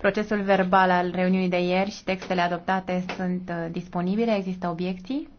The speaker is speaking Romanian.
Procesul verbal al reuniunii de ieri și textele adoptate sunt uh, disponibile. Există obiecții?